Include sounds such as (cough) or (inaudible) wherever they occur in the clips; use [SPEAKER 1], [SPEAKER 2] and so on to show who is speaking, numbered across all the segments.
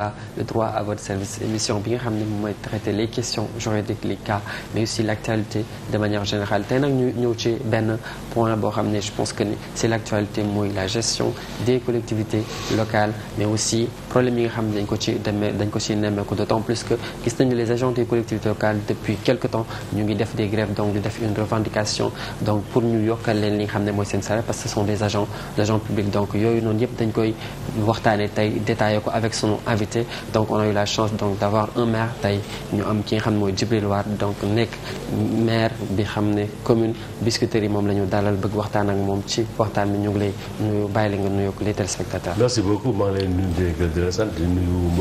[SPEAKER 1] Ah, le droit à votre service émission bi nga xam ne moom mooy traiter les questions juridiques les cas mais aussi l'actualité de manière générale tey nag ñu ñëw ci benn point boo xam ne je pense que ni c'est l'actualité mooy la gestion des collectivités locales mais aussi problème yi nga xam ne dañ ko d'autant plus que gis nañu les agents des collectivités locales depuis quelque temps ñu def des grèves donc une revendication pour ñu que ce sont donc on a eu la chance donc d'avoir un maire tey ñu am ki nga xam ne mooy Djibril Wade donc nekk maire bi xam ne commune yi moom la ñu dalal bëgg waxtaan ak moom ci waxtaan bi ñu ngi lay nuyu bàyyi la nga nuyu ak li téléspectateurs.
[SPEAKER 2] merci beaucoup maa ngi lay nuyu di la sant di nuyu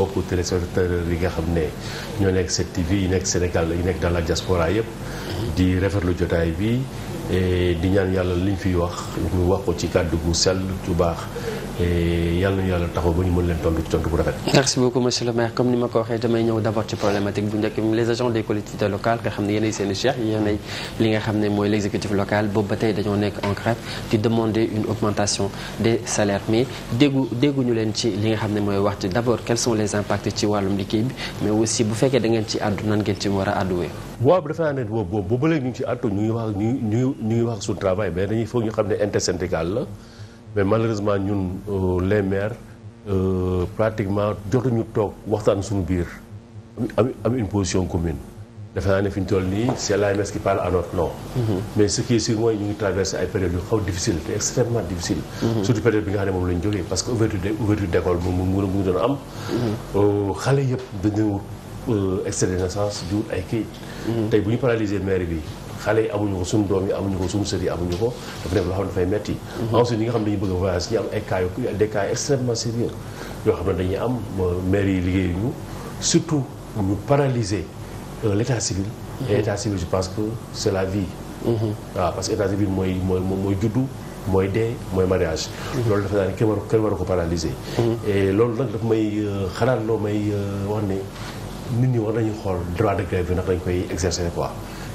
[SPEAKER 2] nga xam ne ñoo nekk 7TV yi nekk Sénégal yi nekk dans la diaspora yëpp. di rafetlu jotaay bi. di ñaan yàlla liñ fi wax ñu wax ko ci kàddu gu sell bu baax et yàlla na yàlla taxaw ba ñu mën leen tontu ci tontu bu rafet.
[SPEAKER 1] merci beaucoup monsieur le maire bu njëkk les agents des collectivités locales nga xam ne yéenay seen i cheikh li nga xam ne mooy l' exécutif local boobu ba dañoo nekk en di demander une augmentation des salaires mais déggu dégguñu leen ci li nga xam ne mooy wax ci d' quels sont les impacts ci wàllum liggéey bi mais aussi bu fekkee da ci àddu nan ngeen ci war a àdduwee.
[SPEAKER 2] waaw dafa naa ne boobu boobu ba léegi ñu àddu ñu ngi wax mais malheureusement ñun euh, les maires euh, pratiquement jotuñu toog waxtaan suñu biir am am une position commune defe naa ne fi ñu toll nii c'est l'AMS qui parle à notre nom mhm. mais ce qui est sûr mooy ñu ngi traversé ay période yu xaw difficile te extrêmement difficile mhm. surtout période bi nga xam ne moom la ñu jógee parce que ouverture de ouverture d'école moom mu ngi doon am mhm. euh, xale yëpp dañu extrait de naissance du ay kayit tey bu ñu paralysé maire bi xale yi amuñu ko suñu doom yi amuñu ko suñu sër yi amuñu ko dafa nekk loo xam ne dafay metti ensuite ñi nga xam ne dañu bëgg voyage ñu am ay cas yu des extrêmement sérieux yoo xam ne dañu am maire yi liggéeyuñu surtout ñu paralyser euh, l' état civil et mhm. état je pense que c' est la vie waaw mhm. ah, parce que état civil mooy mooy mooy juddu mooy dee mooy mariage mhm. loolu dafa naa ne kenn waru kenn waru ko paralyser loolu nag dafa may euh, xalaat loo may euh, wax ne nit ñi war nañu xool droit de grève bi nag dañ koy exercer quoi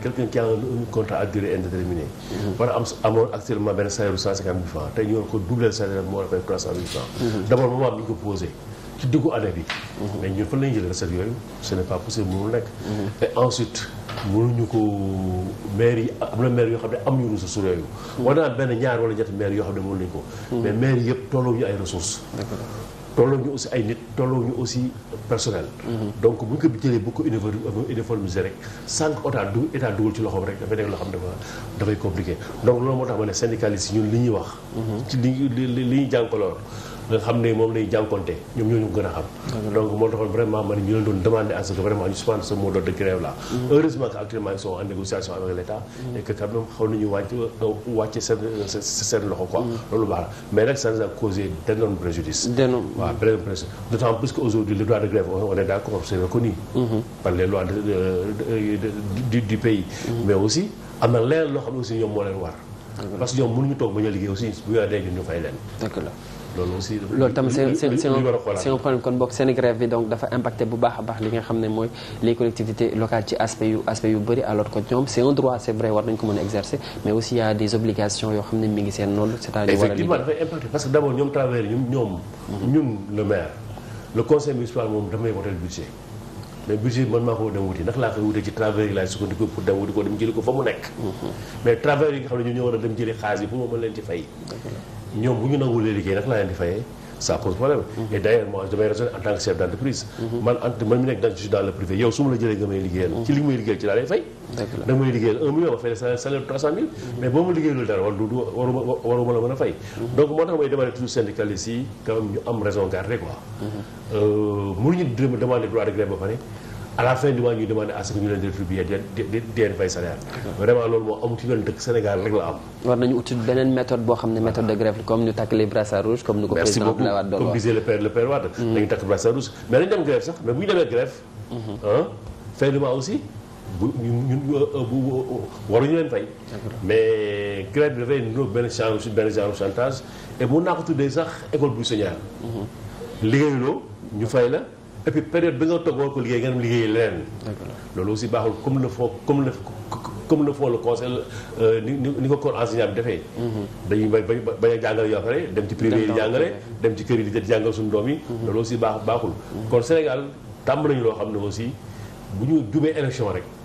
[SPEAKER 2] quelqu'un qui a un contrat à durée indéterminée. Mhm. war a am amoon actuellement benn salaire bu 150 000 francs tey ñu war ko doublé salaire bi mu war a fay 300 mhm. ko posé. ci diggu année bi. Mhm. mais ñun fan la jël recette yooyu ce n'est pas possible mënul nekk. et ensuite mënuñu ko maire yi na maire yoo xam ne amuñu ressources yooyu. war naa benn ñaar wala ñetti maire yoo xam ne mënuñu ko. mais maire yëpp tolluwuñu ay ressources. tolloo ñu aussi ay nit tolloo ñu aussi personnel. Mm-hmm. donc bu ñu jëlee bu ko uniformiser rek sànq otaa du état dugal ci loxoom rek dafay nekk loo xam ne dafay compliqué donc loolu moo tax ma ne syndicaliste ñun li ñuy wax. Mm-hmm. ci li li li ñuy nga xam ne moom lay jànkonte ñoom ñoo ñu gën a xam donc moo taxoon vraiment man ñu leen doon demander à ce que vraiment ñu suspendre ce mot d'ordre de grève là mm. heureusement que actuellement ils sont en négociation avec l'État mm. et que quand même xaw nañu wàcc wàcce seen seen loxo quoi mm. loolu baax la mais nag ça nous a causé d'énormes préjudices waaw d'énormes préjudices d'autant plus que aujourd'hui le droit de grève on est d'accord c'est reconnu mm-hmm. par les lois du du pays mm-hmm. mais aussi am na leen loo xam ne aussi ñoom moo leen war parce que ñoom mënuñu toog ba ñu liggéey aussi bu ñu dee ñu fay leen loolu aussi loolu tam c'est
[SPEAKER 1] problème kon boog seen grève bi donc dafa impacté bu baax a baax li nga xam ne mooy les collectivités locales ci aspect yu aspect yu bëri alors que ñoom c'est un droit c'est vrai war nañ ko mën a mais aussi il des obligations yoo xam ne mi ngi seen noonu c'est-à-dire dafay
[SPEAKER 2] impacté parce que d'abord ñoom travailleurs ñoom ñun le maire le conseil municipal moom damay wotal budget mais budget man maa ko dem wuti ñoom bu ñu nanguwulee liggéey nag laa leen di fayee ça pose problème. Mhm. et d'ailleurs moi damay raisonner en tant que chef d'entreprise. Mhm. man entre man mi nekk dans je suis dans privé yow su ma la jëlee nga may liggéeyal. Mhm. ci li may liggéeyal ci laa lay fay. dëgg may liggéeyal un million ma fay la salaire trois cent mille. mais boo ma liggéeyalul dara war waruma waruma la mën a fay. donc moo tax may demander toujours syndicalistes yi quand ñu am raison garder à la fin du mois ñu demandé à ce que ñu leen di rétribuer di di fay salaire. vraiment loolu moo amul ci benn dëkk Sénégal rek la am.
[SPEAKER 1] war nañu uti beneen méthode boo xam ne méthode de grève comme ñu takk les brassards rouges comme ni ko président Abdoulaye Wade doon wax merci beaucoup comme disait
[SPEAKER 2] le père le père Wade. Mm-hmm. dañuy takk brassards rouges mais dañu dem grève sax mais bu ñu demee grève. ah fin du mois aussi. bu ñun euh, euh, euh, waruñu leen fay. mais grève bi dafay niroo benn genre benn genre chantage et mun naa ko tuddee sax école buissonnière.
[SPEAKER 1] Mm-hmm.
[SPEAKER 2] liggéeyuloo ñu fay la. et puis période bi nga toog war ko liggéey nga dem liggéey leneen. loolu aussi baaxul comme le foo comme le comme le foo le conseil euh, ni ni ko corps enseignant bi defee. Mhm. dañuy bañ bañ a jàngale yoo xam dem ci privé yi jàngale dem ci kër yi di jàngal suñu doom yi. Mhm. loolu aussi baax baaxul. Mhm. kon Sénégal tàmm nañu loo xam ne aussi bu ñu jubee élection rek.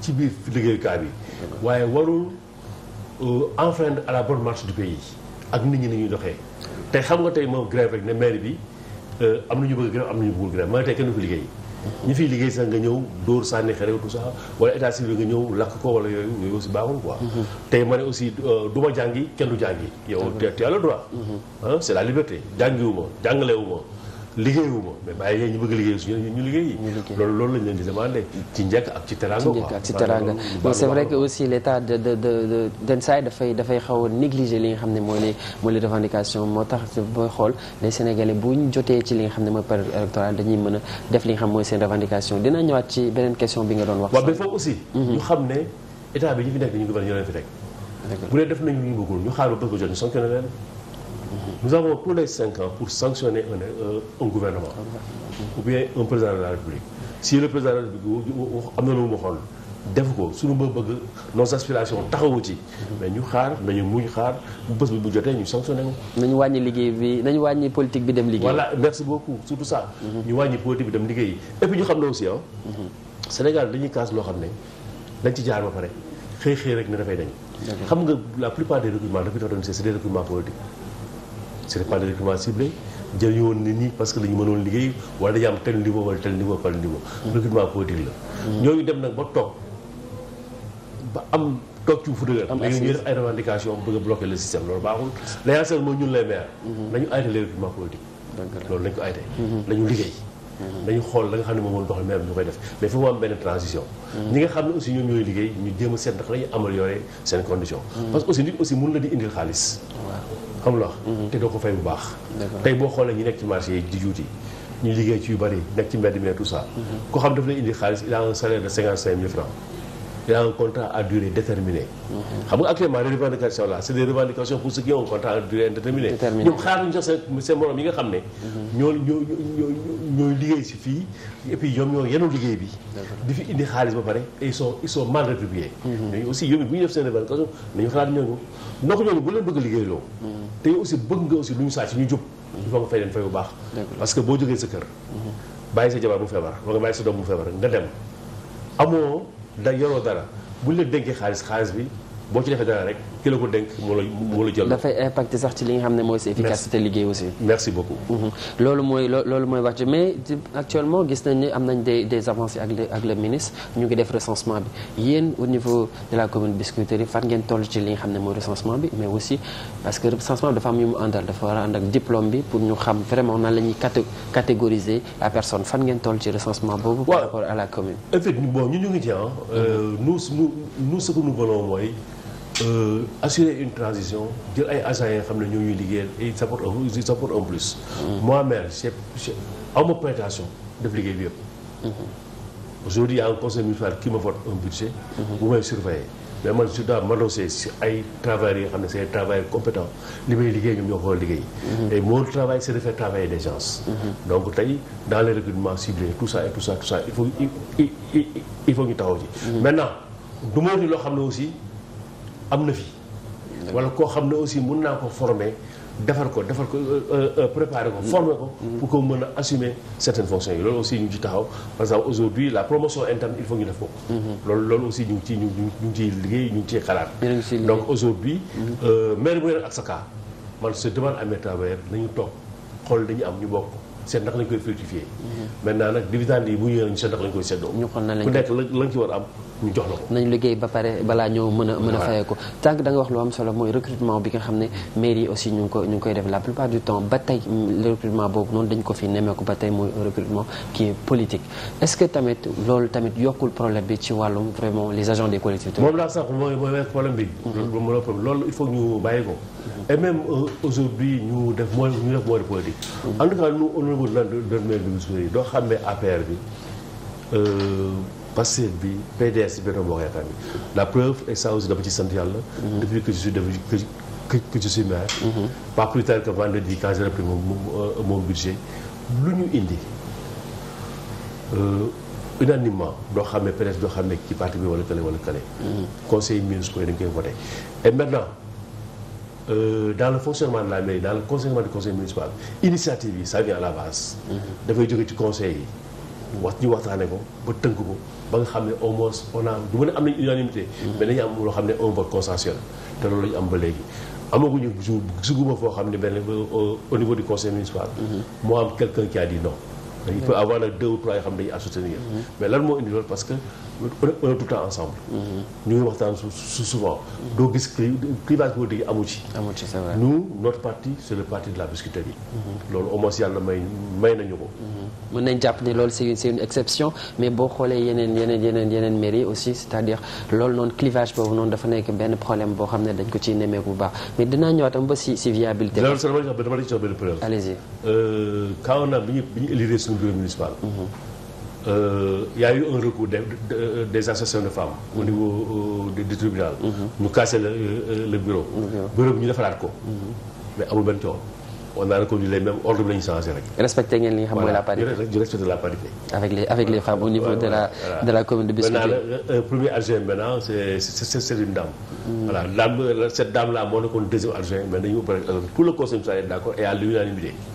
[SPEAKER 2] ci biir liggéeyukaay bi. waaye warul euh, enfreindre à la bonne marche du pays ak nit ñi ni ñuy doxee. te xam nga tey moom grève rek ne maire bi euh, am na ñu bëgg grève am na ñu bëggul grève mooy tey kenn du fi liggéey. ñu fiy liggéey sax nga ñëw dóor sànni xerew tout ça wala état civil nga ñëw lakk ko wala yooyu yooyu aussi baaxul quoi. Mm-hmm. tey ma ne aussi euh, du ma jàngi kenn du jàngi. yow tu as le droit. ah c'est la liberté jàngiwu ma jàngalewu ma. liggéeyuma mais bàyyi leen ñu bëgg liggéey suñu ñu liggéey loolu loolu lañ leen di ci njëkk ak ci teranga ci ak ci teranga mais c'est vrai
[SPEAKER 1] que aussi l'état de den saay dafay dafay xaw a négliger li nga xam ne mooy les mooy les revendications moo tax booy xool les sénégalais bu ñu jotee ci li nga xam ne mooy période électorale dañuy mën a def li nga xam mooy seen revendication dina ñëwaat ci beneen question bi nga doon wax waaw mais foofu
[SPEAKER 2] aussi mhm. ñu xam ne état bi ñu fi nekk def nañu lu ñu bëggul ñu nous avons tous les cinq ans pour sanctionner un, euh, un gouvernement ou bien un président de la République si le président de la République am na lu mu xool def ko suñu ba bëgg nos aspirations taxawu ci mais ñu xaar
[SPEAKER 1] nañu muñ xaar bu bés bi bu jotee ñu sanctionné ko nañu liggéey bi nañu wàññi politique bi dem liggéey voilà merci
[SPEAKER 2] beaucoup surtout ça
[SPEAKER 1] mhm. ñu wàññi politique
[SPEAKER 2] bi dem liggéey et puis ñu xam ne aussi ah Sénégal dañuy kaas loo xam ne dañ ci jaar ba pare xëy xëy rek ne dafay dañ xam nga la plupart des recrutements dafi tax doon c'était pas des recrutements jël ñu nit ñi parce que lañu mënoon liggéey wala dañu am tel niveau wala tel niveau wala niveau. recrutement politique la. ñooñu dem nag ba toog ba am toog ci fu dëgër. am assis léegi ñu def ay revendications bëgg a bloquer le système loolu baaxul. l'essentiel mooy ñun les maires. Mm-hmm. nañu arrêté les loolu lañ ko arrêté. Mm-hmm. nañu liggéey. dañu xool la nga xam ne moom moom doxal même ñu koy def mais fu am benn transition ñi nga xam ne aussi ñoom ñooy liggéey ñu jéem a seet ndax dañu améliorer seen condition hmm. parce que aussi nit aussi mën la di indil xaalis xam la hmm. te doo ko fay bu baax tey boo xoolee ñi nekk ci marché yi di juuti ñu liggéey ci yu bari nekk ci mbedd mi tout ça hmm. ko xam daf lay indil xaalis il a salaire de cinquante cinq mille francs y a un contrat à durée déterminée. xam nga ñoom liggéey si fii et puis ñoom ñoo liggéey bi. di fi indi xaalis ba pare et ils sont ils sont mal rétribués. Mhm. mais aussi yow bu leen bëgg liggéeyloo. Mhm. te aussi bëgg nga aussi lu ñu saa si ñu jub. Mhm. il faut nga fay leen fay bu baax. parce que boo jógee sa kër. bàyyi sa jabar mu feebar wala nga bàyyi sa doom mu feebar nga dem amoo da yoroo dara bu ñu la dénkee xaalis xaalis bi boo ci defee dara rek ki la
[SPEAKER 1] ko sax ci li nga xam ne mooy sa efficacité liggéey aussi. Mhm. loolu mooy loolu mooy wax ci mais actuellement gis nañ am nañ des avancées ak le ministre ñu ngi def recensement bi yéen au niveau de la commune Biscuiterie fan ngeen toll ci li nga xam ne mooy recensement bi mais aussi parce que recensement bi dafa am ñu mu àndal dafa war a ànd bi pour ñu xam vraiment nan la catégoriser la personne fan ngeen toll ci recensement boobu.
[SPEAKER 2] Euh, assurer une transition jël ay agents yi xam ne ñoo ñuy liggéeyal et ils apportent un ils apportent un plus. Mmh. moi maire chef chef aw def liggéey bi yëpp. Mmh. aujourd'hui il y a un conseil municipal qui me vote un budget. Mmh. bu may surveiller mais man je dois m'adosser si ay travailleurs yi xam ne c'est ay travailleurs li may liggéey ñoom ñoo ko a liggéey. et mon travail c'est de faire travailler les gens. donc tey dans les recrutements ciblés tout ça et tout ça tout ça il faut am na fi. wala koo xam ne aussi mun naa ko former defar ko defar ko euh, euh, euh, préparer ko former ko. pour que mën a assumer certaines fonctions yi loolu aussi ñu ngi ci taxaw par exemple aujourd'hui la promotion interne il faut ñu def ko. loolu loolu aussi ñu ngi ciy ñu ngi ciy liggéey ñu ngi ciy xalaat. donc aujourd'hui mm-hmm. maire bu ne ak sa cas man je demande à mes travailleurs nañu toog xool dañu am ñu bokk. seet ndax lañ koy fructifier maintenant nag dividende yi bu ñëwee ñu seet ndax lañ koy seddoo ñu xool na lañ ku nekk
[SPEAKER 1] a am ko nañu liggéey ba pare a mën a fayee ko tànk da nga wax lu am solo mooy recrutement bi nga xam ne mairie yi aussi ko ñu ngi koy def la plupart du ko fi nemmeeku ba tey mooy recrutement qui est ce que tamit loolu tamit yokkul problème bi ci wàllum vraiment les agents des collectivités moom
[SPEAKER 2] laa sax mooy mooy weer problème bi mhm. loolu il faut ñu ko et même euh, problème lan doon mel doo xam ne APR bi euh, Pastef bi PDS bi Benno Bokk Yaakaar bi la preuve et ça aussi dama ci sant yàlla mhm. depuis que je suis devenu maire mhm. pas plus tard que vendredi quand j'ai repris mon euh, lu ñu indi euh, unanimement doo xam ne PDS doo xam ne ci parti bi wala kële wala kële mhm. conseil municipal dañ koy voté Euh, dans le fonctionnement de la mairie dans le fonctionnement du conseil municipal initiative yi ça vient à la base. Mhm. dafay jóge ci conseil yi. wax ñu waxtaanee ko ba tënk ko ba nga xam ne au a du ma ne am nañ unanimité mhm. mais dañu am loo xam ne un vote consensuel te loolu lañu am ba léegi amaguñu jour suguma foo xam ne benn euh, au niveau du conseil municipal mhm. moo am quelqu'un qui a dit non il peut avoir deux ou trois yoo xam ne dañuy à soutenir mais lan moo indi parce que on est tout temps ensemble. Mm-hmm. ñu ngi waxtaan souvent. Mm-hmm. doo gis clivage politique yi amu ci. amu ci c'est vrai nous notre parti c'est le parti de la biscuiterie.
[SPEAKER 1] Mm-hmm.
[SPEAKER 2] loolu au moins yàlla may may nañu ko.
[SPEAKER 1] mën nañ jàpp ne loolu c'est c'est une exception mais boo xoolee yeneen yeneen yeneen yeneen mairie aussi c'est-à-dire loolu noonu clivage boobu noonu dafa nekk benn problème boo xam ne dañ ko ciy nemmeeku bu baax mais dinaa ñëwaatam ba si si viabilité. loolu sax dama la
[SPEAKER 2] euh, a bi ñu bi ñu élire suñu bureau Euh, y a eu un recours de, de, de, des associations de femmes au niveau euh, du tribunal. Mhm. ñu cassé le euh, le bureau. Mhm. bureau bi ñu defaraat ko. Mhm. mais amul benn coow. on ngeen li nga
[SPEAKER 1] xam mooy la parité voilà je respecte la parité. avec les avec les femmes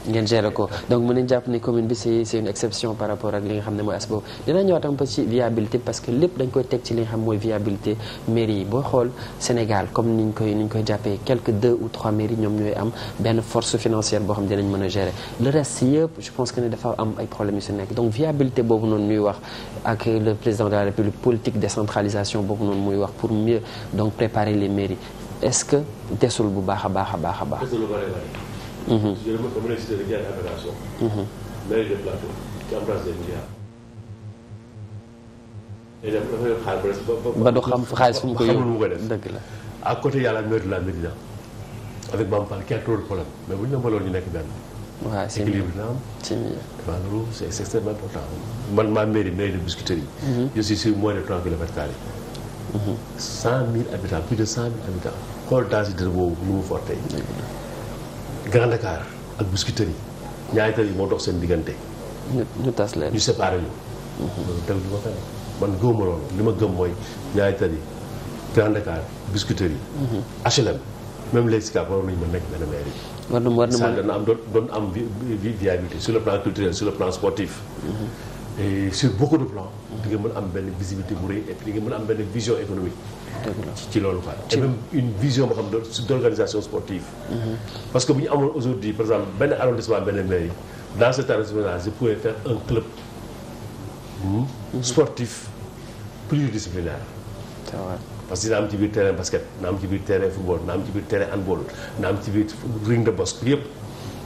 [SPEAKER 1] ngeen géré ko donc mën nañu jàpp ni commune bi c' est une exception par rapport ak li nga xam ne mooy as boobu dina ñëwaat un peu viabilité parce que lépp dañ koy teg ci li nga xam mooy viabilité mairie boo xool Sénégal comme ni ñu koy jàppee quelques deux ou trois mairies ñoom ñooy am benn force financière financière boo xam ne dinañ mën a gérer le reste yëpp je pense que ne dafa am ay problèmes yu si nekk donc viabilité boobu noonu muy wax ak le président de la république politique décentralisation boobu noonu muy wax pour mieux donc préparer le mairies est-ce que desul bu baax a baax a baax a baax. desul
[SPEAKER 2] lu bëri bëri. Mhm. je le mot comme mhm. mairie de plateau qui la. à côté yàlla la avec Mame Fall qui a trop de problèmes mais bu ñu la mbooloo ñu nekk benn.
[SPEAKER 1] waaw c'est équilibre na am. c'est mieux
[SPEAKER 2] waaw loolu c'est c'est extrêmement important man maa mairie mairie de Biscuiterie yi. Mhm. je suis sur moins de 30 kilomètres carrés. 100000 mhm. habitants plus de 100000 habitants. xool densité boobu nu mu forte. Grand Dakar ak Biscuiterie yi ñaari tali moo dox seen diggante. ñu ñu tas leen ñu séparé ñu. Mhm. loolu tamit du ma fay man gëmuma loolu li ma gëm mooy ñaari tali Grand Dakar Biscuiterie yi. HLM. même les SICAP waroon nañu mën nekk benn mairie.
[SPEAKER 1] war na war na mën dana
[SPEAKER 2] am doon am viabilité sur le plan culturel sur le plan sportif.
[SPEAKER 1] Mm-hmm.
[SPEAKER 2] et sur beaucoup de plans. di nga mën am benn visibilité bu rëy et puis am benn vision économique. ci loolu quoi et même une vision boo xam ne d' organisation sportive. Mm-hmm. parce que bu ñu amoon aujourd'hui par exemple benn arrondissement benn mairie dans cet arrondissement je pouvais faire un parce que dina am ci biir terrain basket na am ci biir terrain football na am ci biir terrain handball na am ci biir ring de boxe yëpp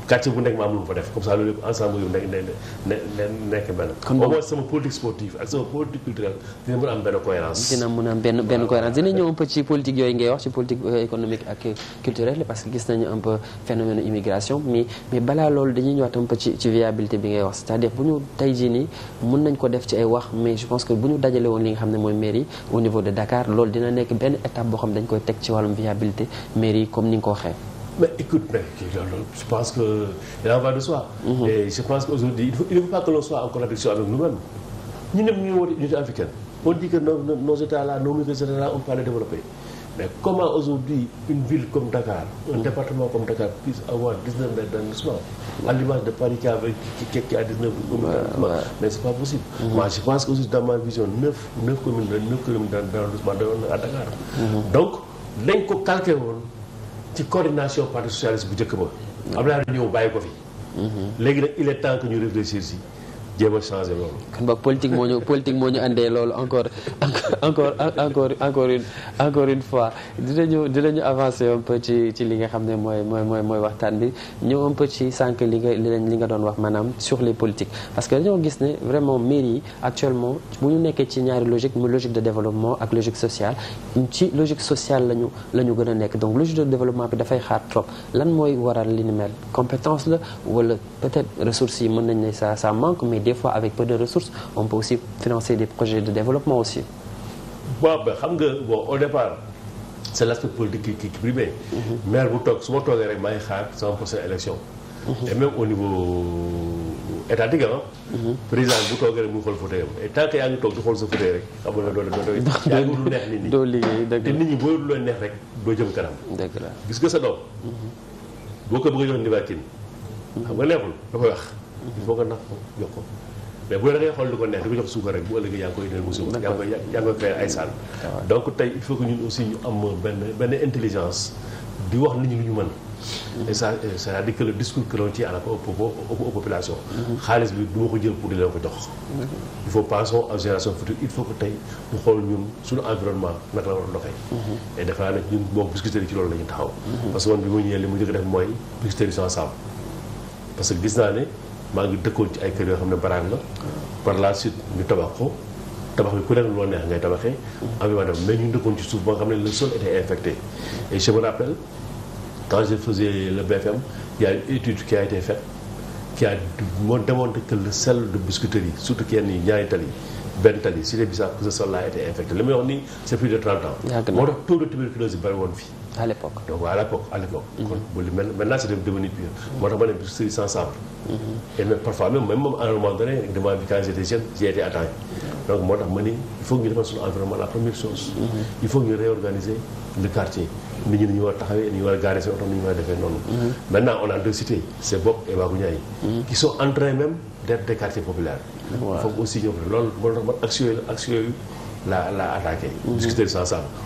[SPEAKER 2] quartier bu nekk ma am lu fa def comme ça loolu ensemble yu nekk ne ne nekk benn. kon au moins sama
[SPEAKER 1] dina ñëw un ci politique yooyu ngay wax ci politique euh, économique ak culturelle parce que gis nañu un peu phénomène immigration mais balaa loolu dañuy ñëwaat un ci viabilité bi ngay wax c'est-à-dire bu ñu tey jii nii nañ ko def ci ay wax mais je pense que bu ñu dajale woon li nga xam ne mooy mairie au niveau de Dakar loolu dina nekk benn étape boo xam dañ koy teg ci wàllum viabilité mairie comme ni
[SPEAKER 2] mais écoute mais je pense que il en va de soi. Mhm. et je pense qu'aujourd'hui il faut il faut pas que l'on soit en contradiction avec nous-mêmes ñu dem ñu woote unité africaine on dit que nos nos états là nos micro-états là on peut les développer mais comment aujourd'hui une ville comme Dakar un mhm. département comme Dakar puisse avoir 19 maires d'arrondissement à l'image de Paris qui a qui, qui a 19 ouais, ouais. mais c'est pas possible mm -hmm. moi je pense que aussi dans ma vision neuf neuf communes neuf communes d'arrondissement doon na à Dakar mm -hmm. donc dañ ko calqué woon ci coordination parti socialiste bu njëkk ba. am Abdoulaye ñëw bàyyi ko fi. Mhm. léegi nag il est
[SPEAKER 1] temps que ñu réfléchir si. jéem a changé loolu. kon boog politique moo ñu politique moo ñu andee loolu encore encore encore encore une encore fois dinañu dinañu avancer un ci li nga xam ne mooy mooy mooy waxtaan bi ñëw un peu ci sànq li nga li nga doon wax maanaam sur les politiques. parce que dañoo gis ne vraiment mairie yi actuellement bu ñu nekkee ci ñaari logique mu logique de développement ak logique sociale ci logique sociale lañu la ñu gën a nekk donc logique de développement bi dafay xaar trop lan mooy waral li ni mel compétence la wala peut-être ressources yi mën nañ ne ça ça des fois avec peu de ressources on peut aussi financer des projets de développement aussi.
[SPEAKER 2] waaw xam nga bon au départ. c' est l' aspect politique qui qui mhm. maire bu toog su ma toogee rek maa ngi xaar sama prochaine élection. Mhm. et même au niveau étatique ah. président bu toogee rek mu ngi xool fauteuil am et yaa ngi toog di xool sa fauteuil rek xam nga doo doo doo (laughs) yaa ngi la te nit ñi boo lu neex rek doo jëm kanam. dëgg la gis nga sa doom. boo ko jox nivatine. xam nga neexul da koy wax. il faut nga nax ko jox ko mais bu la ngay xool lu ko neex di ko jox suukar rek bu ëllëgee yaa koy indil musiba yaa yaa koy créer ay sànn donc tey il faut que ñun aussi ñu am benn benn intelligence di wax nit ñi lu ñu mën mmh. et ça c'est-à-dire que le discours que l'on tient à la mmh. xaalis bi du ma ko jël pour di leen ko jox. Mmh. il faut pensons aux générations futures il faut que tey ñu xool ñun suñu environnement naka la war a doxee. et defe naa ne ñun moom Biscuiterie ci loolu la ñu taxaw. parce que man bi li ma njëkk def mooy Biscuiterie sans maa ngi dëkkoon ci ay kër yoo xam ne baraag la par la suite ñu tabax ko tabax bi ku nekk loo neex ngay tabaxee am i ma dem mais dëkkoon ci suuf ba nga xam ne le sol était infecté et je me rappelle quand je faisais le BFM il y a une étude qui a été faite qui a moo démontré que yi ñaari tali benn tali si les bisaab que ce sol là était infecté li may wax nii c'est plus de 30 moo tax taux de tuberculose yi bari fii à l'époque donc à l'époque à l'époque mhm. kon bu li maintenant c'est devenu pire moo tax ma mhm. moo tax ma ni il faut que ñu defar suñu environnement la première chose mhm. il deux cités c'est Bopp et Babouñaay qui sont en train même d'être des quartiers aussi ñëw loolu moo tax man action yooyu action l'a l'a attaqué. discuter de ça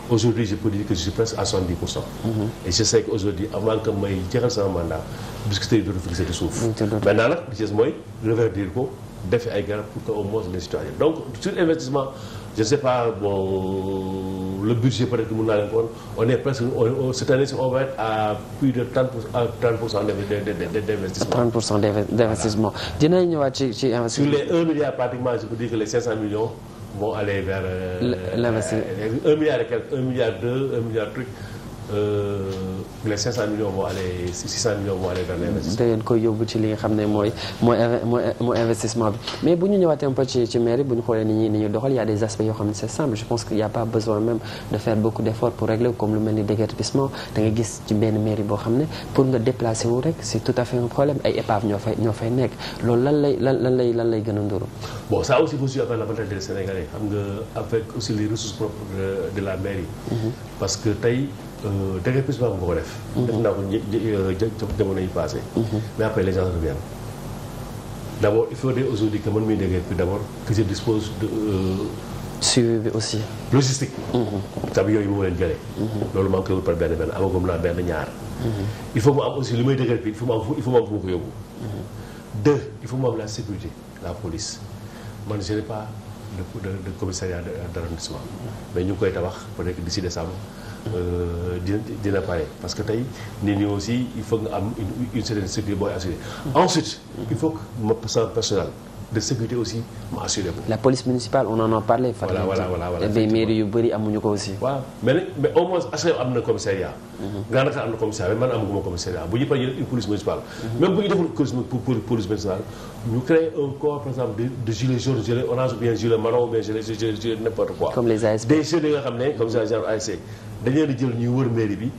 [SPEAKER 2] aujourd'hui je peux dire que je suis presque à 70 pour cent. Mhm. et je sais que aujourd'hui avant que may jeexal sama mandat biscuiterie dootu fi gisati suuf. Mhm, maintenant nag li ci mooy reverdir ko def ay garab pour que au moins les citoyens donc sur investissement je ne sais pas le budget peut-être que mën naa on est presque cette année on va à plus de 30 pour 30 pour cent d'investissement. 30 pour cent ci que les 500 vont aller vers. Euh, la, la euh, un milliard et quelques, un milliard deux, un milliard truc. Euh, les 500 millions vont
[SPEAKER 1] ci li nga xam ne mooy mooy mooy investissement bi mais bu ñu ñëwaatee un peu ci ci mairie bu ñu xoolee ni ni ñu doxal y a des aspects yoo xam ne c'est simple je pense qu'il y a pas besoin même de faire beaucoup d'efforts pour régler comme lu mel ni déguerpissement da gis ci benn mairie boo xam ne pour nga déplacer wu rek c'est tout à fait un problème ay épaves ñoo fay ñoo fay nekk loolu lan lay lan lay gën a nduru.
[SPEAKER 2] bon ça aussi faut suivre avec l'avantage des de, de la dégg plus baax nga ko def. Mhm. def naa ko një jamono yi passé. Mhm. mais après les gens reviennent. d' il faut dire aujourd'hui man mii dégg plus d' abord que je dispose de. Euh, suivi bi aussi. logistique. Mhm. tab yooyu moo leen jëlee. loolu manqué wul par benn benn amagum naa benn ñaar. il faut mu am aussi li may dégg bi il faut am il yóbbu. deux il faut mu am la sécurité la police man je n'ai de de commissariat d'arrondissement mais ñu koy tabax peut-être d'ici décembre euh, dina dina pare parce que tey nit ñi aussi il faut nga am une une certaine sécurité booy assurer mm. ensuite il faut que ma
[SPEAKER 1] personnel de sécurité aussi mu assuré la police municipale on en a parlé. voilà voilà voilà des mairies nag am
[SPEAKER 2] na commissariat. Grand mhm. am na commissariat mais man amaguma bu ñu paree ñu police municipale. Mhm. même bu ñu deful police police ñu créé un corps par exemple de de gilet jaune orange ou bien gilet marron ou bien gilet comme les ASP des jeunes nga xam ne comme ça genre ASC dañu leen di jël ñuy wër mairie bi.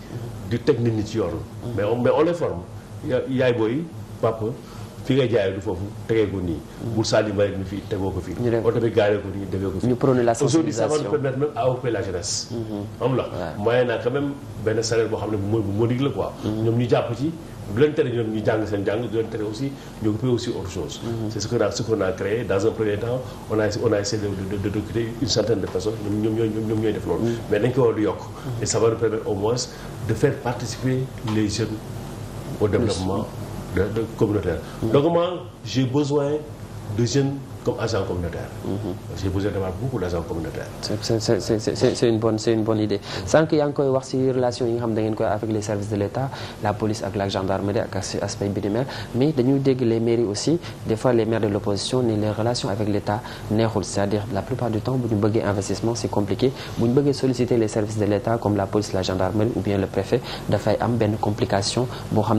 [SPEAKER 2] di teg nit ñi ci yoon. Mhm. mais fi ngay jaayee du foofu tegee ko nii. bul sànni mbalit mi tegoo ko fii. oto bi gaaree ko nii defee ko
[SPEAKER 1] fii. ñu prôné la sensibilisation aujourd'hui
[SPEAKER 2] ça va mm-hmm. boo xam ne bu modique la quoi. Mm-hmm. du leen tere ñoom ñu jàng seen jàng du leen tere aussi ñoo occupé aussi autre chose. Mm-hmm. ce qu'on a ce dans un premier temps on a de de une centaine de personnes ñoom ñoom ñoom ñooy def loolu. mais dañ ko war a yokk. et ça au moins de faire participer les jeunes au développement. de, de communautaire. donc moi j'ai besoin de jeunes comme mhm.
[SPEAKER 1] c'est une bonne c'est une bonne yaa ngi koy wax ci relation yi nga xam da koy avec les services de l'État la police ak gendarmerie ak aspect bi mais dañuy dégg les mairies aussi des fois les de l'opposition ni les relations avec l'État neexul c'est-à-dire la plupart du temps bu ñu bëggee investissement c'est compliqué bu ñu bëggee solliciter les services de l'État comme la police la gendarmerie ou bien le préfet dafay am complication boo xam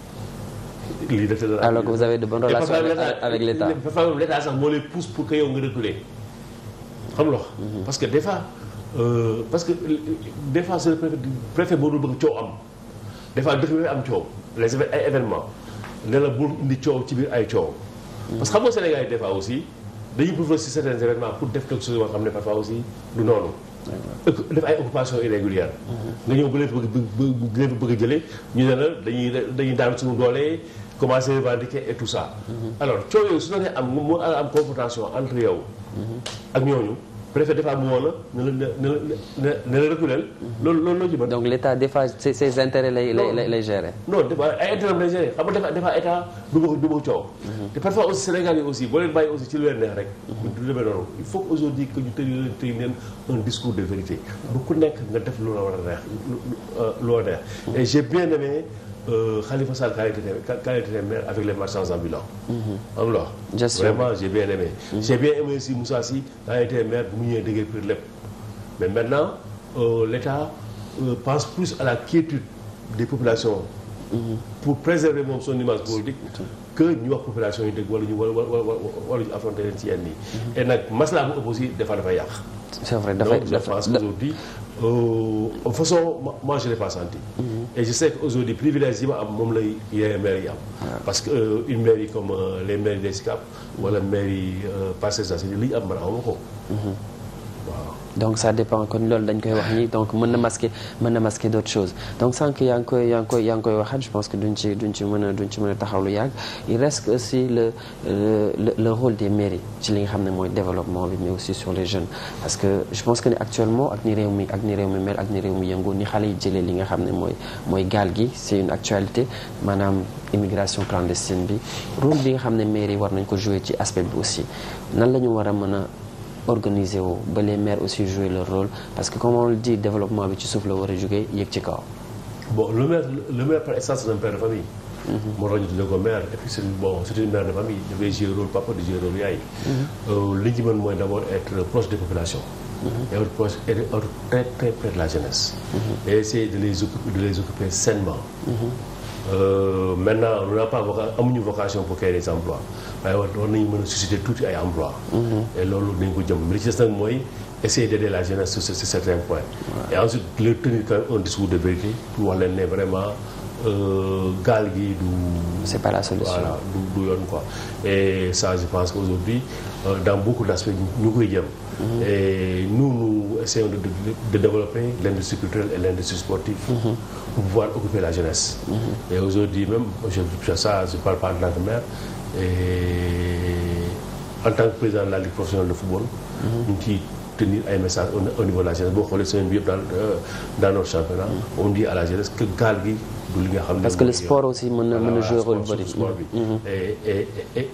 [SPEAKER 2] lii daf la alors que vous avez de bonnes relations sax moo lay pousse pour que yow nga reculer xam mhm. parce que des fois euh, parce que des fois c'est le préfet préfet bëgg coow am des fois dëkk am coow les ay événements ne la bul indi coow ci biir ay coow mhm. parce que xam nga Sénégal yi des aussi dañuy profité si certains événements pour def quelque chose xam ne parfois aussi du noonu def ay occupation irrégulière mhm. nga ñëw ba leen bëgg bëgg ñu ne la dañuy daan suñu doole commencé revendiquer et tout ça. alors coow yooyu su doonee am mu am confrontation entre yow. ak ñooñu préfet dafa am woon la ne
[SPEAKER 1] la ne la reculer. loolu loolu loo l' état des fois ses intérêts lay lay lay gérer.
[SPEAKER 2] non dafa ay intérêt lay gérer xam neex rek. du demee noonu il faut que aujourd'hui que ñu tëj leen tëj un discours de vérité. bu ku nekk nga def lu la war a neex lu loo euh, neex. et j'ai bien aimé. Euh, Khalifa Sall quand il t quand il était maire avec les marchands ambulants. Mhm. am na gestion vraiment j'ai bien aimé. Mhm. j'ai bien aimé aussi Moussa Sy quand il était maire bu mu ñëwee déggee pire lépp mais maintenant euh, l'État euh, pense plus à la quiétude des populations. Mhm. pour préserver moom son image politique. que ñu wax population yi dëgg wala ñu wala wala wala ñu affronter leen ci yenn yi. et nag maslaa bu ëpp aussi des fois dafay yàq.
[SPEAKER 1] c'est vrai dafay donc je pense
[SPEAKER 2] qu'aujourd'hui euh, façon moi je l'ai pas senti. Mm -hmm. et je sais qu'aujourd'hui privilège yi ma am moom lay yeneen maires yi am. parce que euh, une mairie comme euh, les mairies d'Escap wala mairie euh, Parcelles Assainies li ñu am man aw ma ko.
[SPEAKER 1] Mhm. donc ça dépend kon loolu dañ koy wax nii donc mën na masquer mën na masquer donc sànq yaa ngi koy yaa ngi pense que duñ ci duñ ci mën a duñ ci mën a taxaw lu yàgg il reste aussi le euh, le le rôle des mairies ci li nga xam ne mooy développement bi mais aussi sur les jeunes parce que je pense que ni actuellement ak ni réew mi ak ni mel ak ni réew mi yëngu ni xale yi jëlee li nga xam ne mooy mooy gaal gi c'est une actualité maanaam immigration clandestine bi rôle bi nga xam ne mairie war nañ ko jouer ci aspect bi aussi nan la ñu war a mën a organiser wu ba les maires aussi jouer leur rôle parce que comme on le dit développement bi ci suuf la war a jógee yéeg ci kaw.
[SPEAKER 2] bon le maire le maire par essence c'est un père de famille. Mhm. moo tax ñu tuddee di jouer rôle yaay. Mhm. Euh, li ñu mën mhm. la jeunesse. et les les occuper Euh, maintenant on n'a pas vocation amuñu vocation pour créer des emplois waaye war nañu mën a susciter tuuti ay emplois mm-hmm. et loolu dañ ko jëm li ci des nag mooy essayer d'aider la jeunesse sur certains points et ensuite leur tenir quand même discours de vérité pour wax leen ne vraiment Euh, gaal gi
[SPEAKER 1] du. c'est pas la solution voilà
[SPEAKER 2] du du yoon quoi. et je pense qu'aujourd'hui euh, dans beaucoup d'aspects ñu koy jëm. Mm-hmm. et nous nous essayons de de développer l'industrie culturelle et l'industrie sportive. pour mm-hmm. pouvoir occuper la jeunesse. Mm-hmm. et aujourd'hui même je ça je parle pas en tant que maire et en tant président de la Ligue professionnelle de football. ñu ciy tenir ay message au niveau de la jeunesse boo xoolee semaine bi yëpp dans euh, dans notre championnat on dit à la jeunesse que gaal gi li nga xam ne parce que le
[SPEAKER 1] sport aussi mën na mën na jouer rôle bëri bi
[SPEAKER 2] mhm. Mhm.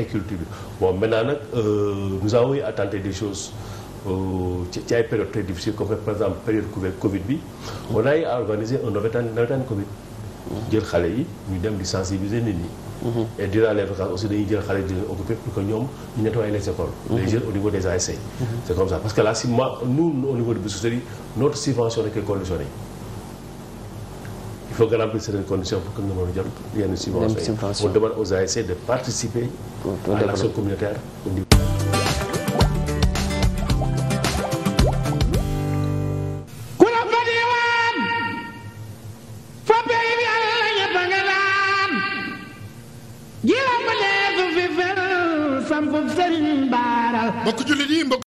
[SPEAKER 2] et culture bi bon maintenant nag euh, nous avons eu à tenter des euh, ci ay période très difficile comme par exemple période Covid bi on a eu à organiser un navétane navétane Covid jël xale yi ñu dem di sensibiliser nit ñi. Mm-hmm. et durant les vacances aussi dañuy jël xale di leen pour que ñoom ñu nettoyer les écoles. les mm-hmm. jeunes au niveau des ASC. c' mm-hmm. est comme ça parce que là si ma nous au niveau de Biscuiterie notre subvention est conditionnée. il faut nga remplir certaines pour que nga mën a yenn subventions yi on demande aux ASC de participer à l' action communautaire au